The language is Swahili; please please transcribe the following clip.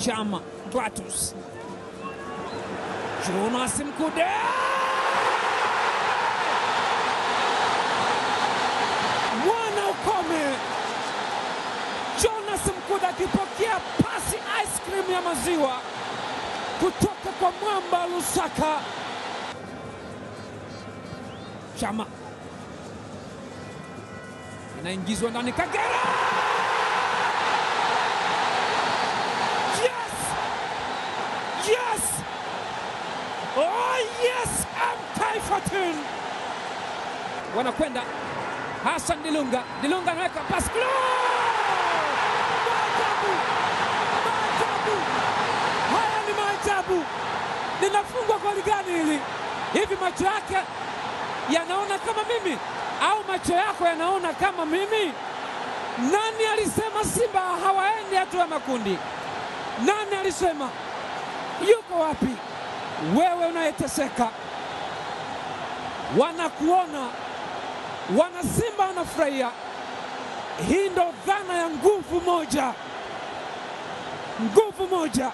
chama Gratus. Jonas Mkude mwana ukome. Jonas Mkude akipokea pasi ice cream ya maziwa kutoka kwa mwamba Lusaka. Chama inaingizwa ndani, Kagera Oh yes, Mtaifa Tune wanakwenda Hassan Dilunga, Dilunga anaweka pass maajabu, maajabu! Haya ni maajabu! Linafungwa goli ligani hili? Hivi macho yake yanaona kama mimi au macho yako yanaona kama mimi? Nani alisema Simba hawaendi hatua ya makundi? Nani alisema? Yuko wapi? wewe unayeteseka, wanakuona, wanasimba wanafurahia. Hii ndo dhana ya nguvu moja, nguvu moja.